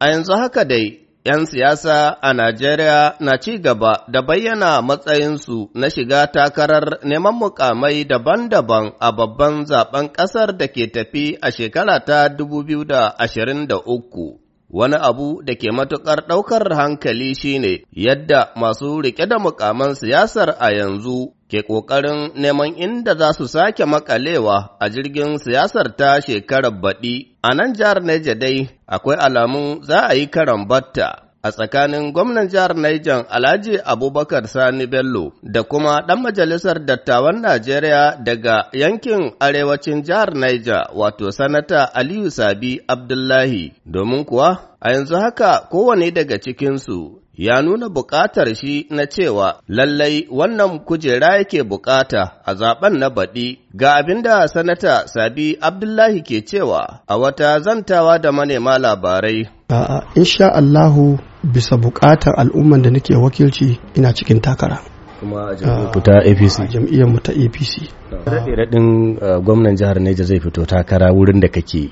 A yanzu haka dai, ‘yan siyasa a Najeriya na ci gaba da bayyana matsayinsu na shiga takarar neman mukamai daban-daban a babban zaben ƙasar da ke tafi a shekara ta 2023. Wani abu da ke matuƙar ɗaukar hankali shine yadda masu riƙe da mukaman siyasar a yanzu ke ƙoƙarin neman inda za su sake makalewa a jirgin siyasar ta shekarar baɗi. A nan jihar Neja dai akwai alamun za a yi karambarta. a tsakanin gwamnan jihar Niger Alhaji Abubakar Sani Bello da kuma ɗan majalisar dattawan Najeriya daga yankin arewacin jihar Niger wato sanata Aliyu Sabi Abdullahi domin kuwa a yanzu haka kowane daga cikinsu ya nuna buƙatar shi na cewa lallai wannan kujera yake buƙata a zaben na baɗi ga abin da sanata Sabi Abdullahi ke cewa a wata zantawa da manema labarai. A'a, insha Allahu bisa bukatar al'ummar da nake wakilci ina cikin takara. kuma jam'iyyar ta apc jam'iyyar mu ta apc raɗin uh, gwamnan jihar neja zai fito takara wurin da kake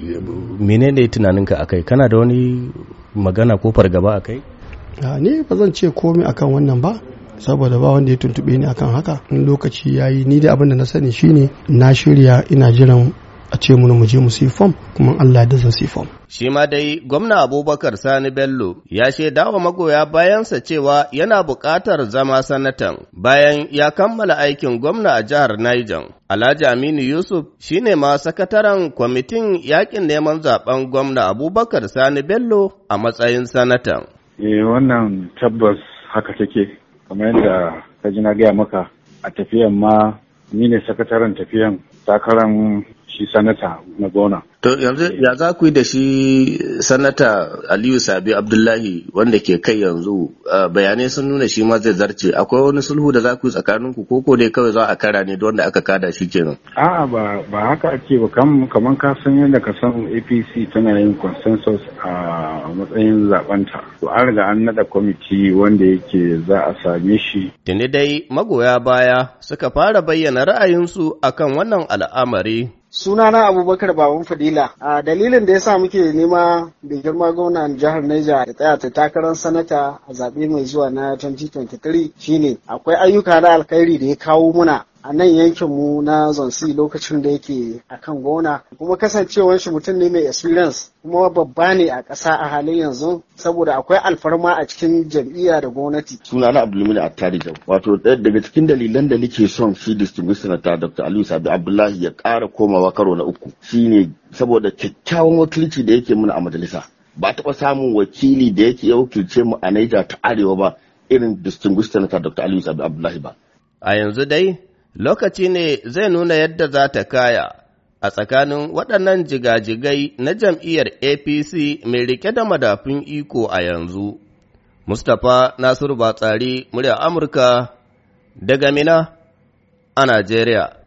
menene tunaninka akai kana da wani magana ko fargaba akai ni ba zan ce komai akan wannan ba saboda ba wanda ya tuntube ni akan haka in lokaci yi ni da abin da na sani shine na shirya ina jiran a ce mu mu je mu sai fom kuma Allah da zan sai fom. Shi ma dai gwamna Abubakar Sani Bello ya shaida wa magoya bayansa cewa yana buƙatar zama sanatan bayan ya kammala aikin gwamna a jihar Niger. Alhaji Aminu Yusuf shi ne ma sakataren kwamitin yakin neman zaben gwamna Abubakar Sani Bello a matsayin sanatan. Eh wannan tabbas haka take kamar yadda kaji na gaya maka a tafiyan ma ni ne sakataren tafiyan takarar shi sanata na gona. To yanzu ya za ku yi da shi sanata Aliyu Sabi Abdullahi wanda ke kai yanzu eh, bayanai sun nuna shi ma zai zarce akwai wani sulhu da za ku yi tsakanin ku ko dai kawai za a kara ne don da wanda aka kada shi kenan. A'a ba ba haka ake ba kaman ka san yadda ka san APC tana yin consensus a matsayin zabanta. To an riga an nada kwamiti wanda yake za a same shi. Tuni dai magoya baya suka fara bayyana ra'ayinsu akan wannan al'amari. Sunana Abubakar Baban Fadila. A dalilin da ya sa muke nema da girma gwamnan jihar Niger da tsaya ta takarar sanata a zaɓe mai zuwa na 2023 shine akwai ayyuka na alkhairi da ya kawo muna a nan yankin mu na zonsi lokacin da yake akan gona kuma kasancewar shi mutum ne mai experience kuma babba ne a ƙasa a halin yanzu saboda akwai alfarma a cikin jam'iyya da gwamnati. na Abdulmumin Attari jam Wato ɗaya daga cikin dalilan da nake son shi distinguished senator Dr. Aliyu Sabi Abdullahi ya ƙara komawa karo na uku shine saboda kyakkyawan wakilci da yake mana a majalisa. Ba taɓa samun wakili da yake ya wakilce mu a naija ta Arewa ba irin distinguished senator Dr. Aliyu Sabi Abdullahi ba. A yanzu dai lokaci ne zai nuna yadda za ta kaya a tsakanin waɗannan jigajigai na jam'iyyar APC mai rike da madafun iko a yanzu. Mustapha Nasiru Batsari, murya Amurka, daga Mina a Najeriya.